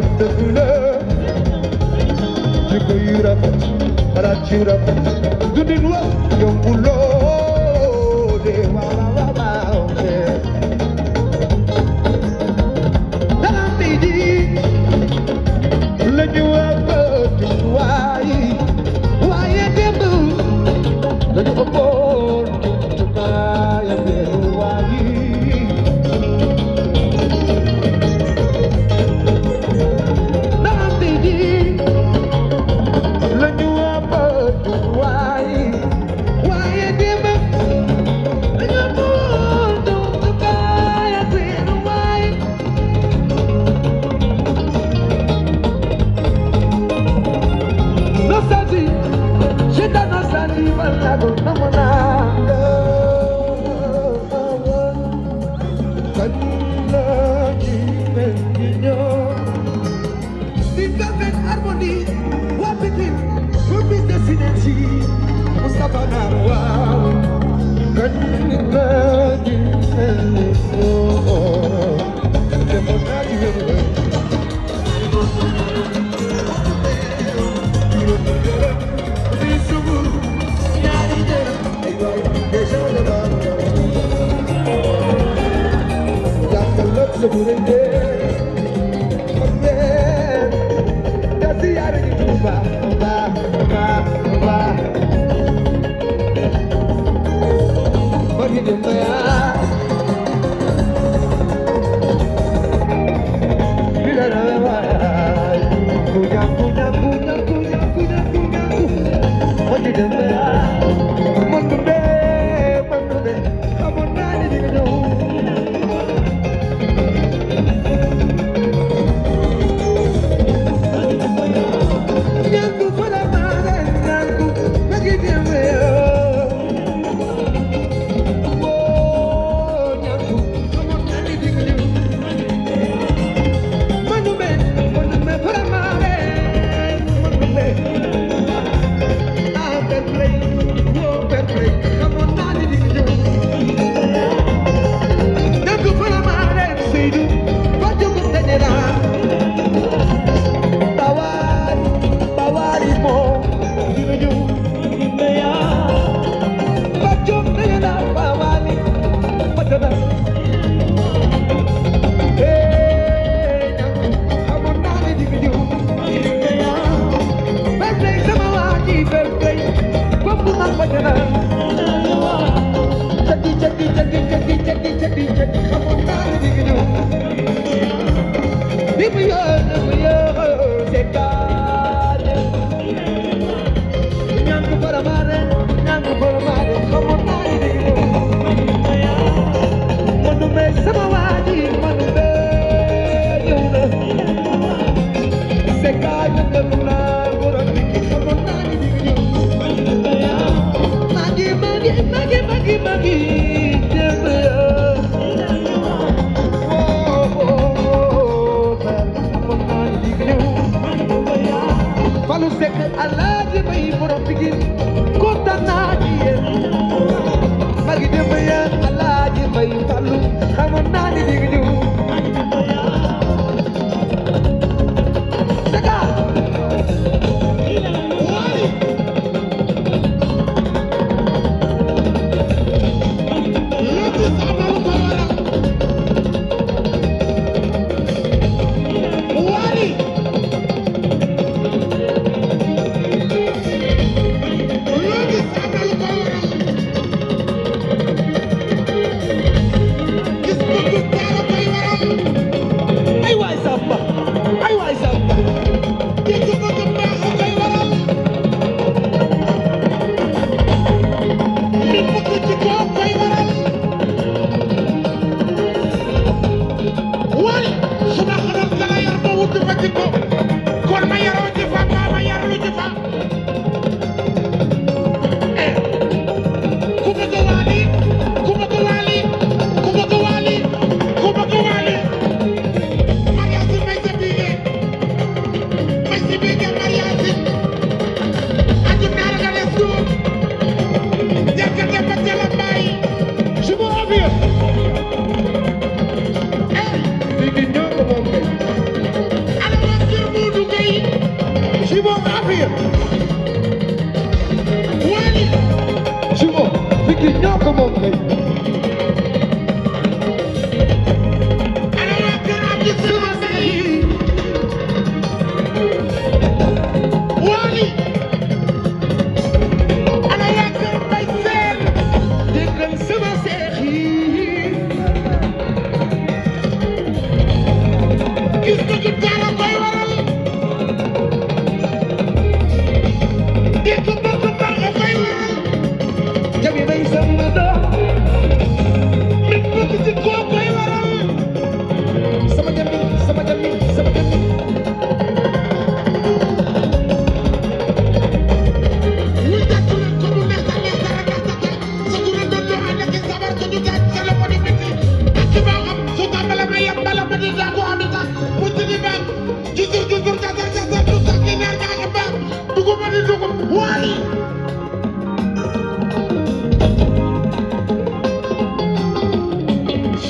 porte fleur jikko yu rafet xalaat yu rafet dundin wa yombul loo de waaw waaw dara bi di la ñu wa Yeah. Guadalajara.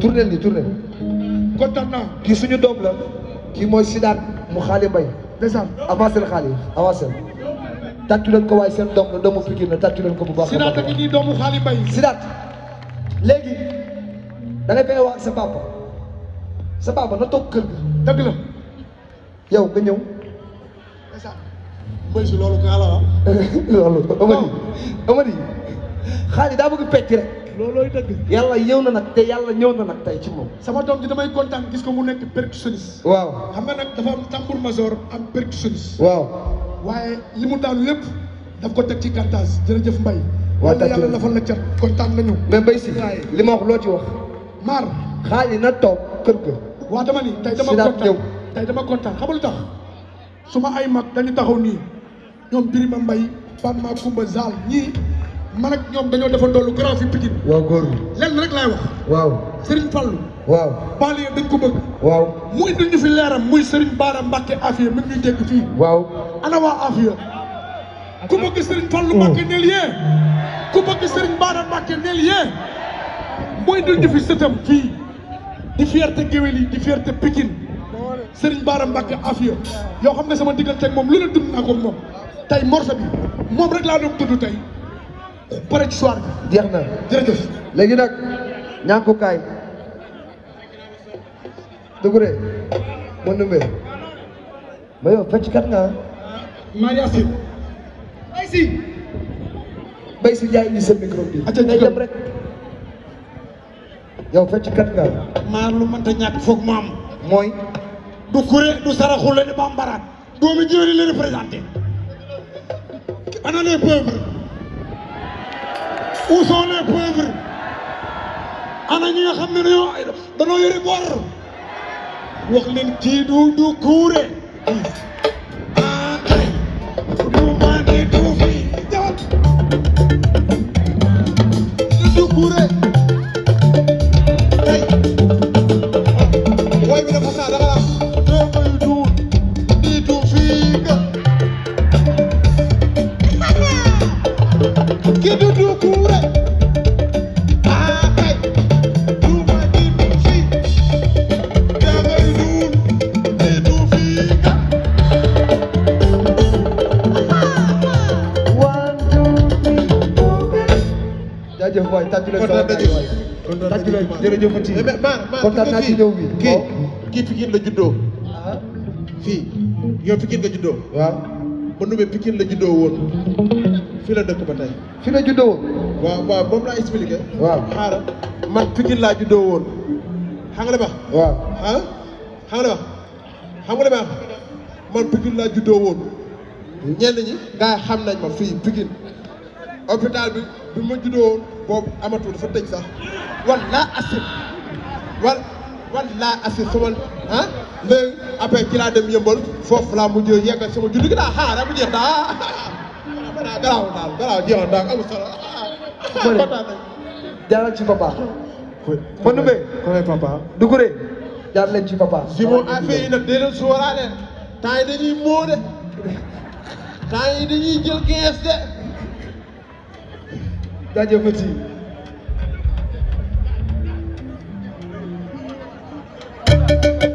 tournel ni tournel kii suñu doom la kii mooy Sidaat mu xaali mbay ndeysaan avancé la xaali avancé tàccu leen ko waaye seen doom la doomu Pikine la tàccu ko bu baax Sidaat a ngi nii doomu Sidaat léegi da ngay bay wax sa papa sa na toog kër ga yow nga ñëw mooy si loolu kaa ah. la loolooy dëgg. yàlla yow na nag te yàlla ñëw na nag tey ci moom. sama doom ji damay kontaan gis ko mu nekk percussionniste. waaw xam nga nag dafa am tambour major am percussionniste. waaw waaye li mu daan lépp daf ko teg ci cantage jërëjëf Mbaye. waaw tàcc yàlla la fa la cat kontaan nañu. mais Mbaye si li ma wax loo ci wax. maar xaalis na toog kër ga. waa dama ni tey dama kontaan tey dama kontaan xamul tax su ma ay mag dañu taxaw nii ñoom Birima Mbaye Fatma Kumba Zal ñii. man ñoom dañoo defa lu garaaw fi Pikine. waaw góor gi lenn rek laay wax. waaw Serigne Fallou. waaw Baale yëpp dañ ko waaw mu indil ñu fi leeram muy Serigne Bara Mbacke Afia mi ngi waa Afia. ku bëgg Serigne Fallou mm. Mbacke neel yee. ku bëgg Serigne Bara fi sëtam fii. di fierté géwél yi di fierté Pikine. Serigne Bara Mbacke Afia yoo xam ne sama diggante ak moom lu la dund naa ko moom. tey morso bi moom rek laa doon tudd tey. pare ci soir bi. jeex na léegi nag ñàkku kaay. Doucouré. mën na mbéy. mais yow nga ah. maa ngi assi. bay si. bay si jaay indi sa micro bi. ati nga jëm rek. yow lu mënta ñàkk foog di bambara. doomi jiwéri la représenté. ana les où sont les pauvres ana ñi xam ne dañoo dañoo yore bor wax leen kii du kuure jaajëf waay tàcc leen sama gars yi waay tàcc leen jërëjëf Fatick eh, kontaan naa ci ñëw bi kii kii Pikine la juddoo ah. fii yow Pikine nga ba nubee Pikine la juddoo woon fii la dëkk ba tey fii la juddoo woon waaw waaw moom laa expliqué waaw xaaral man Pikine laa juddoo woon xam la baax waaw ah xam nga la baax xam nga la laa juddoo woon ñenn ñi gars xam nañ ma fii Pikine hôpital bi bi ma juddoo boobu amatul dafa sa sax walla asib wal walla asib sama ah léegi après ci laa dem yëmbal foofu laa mujjee yeggal sama juddu gi daa xaaral ah, bu jeex daa xanaa ah, ah, garaaw daal garaaw jeexoon solo jaaral ci papa. ma dugure. jaar leen ci papa. si moom affaire yi nag dee leen sóoraale temps yi dañuy moo de temps yi dañuy jël 15 de. jaajëfati Thank you.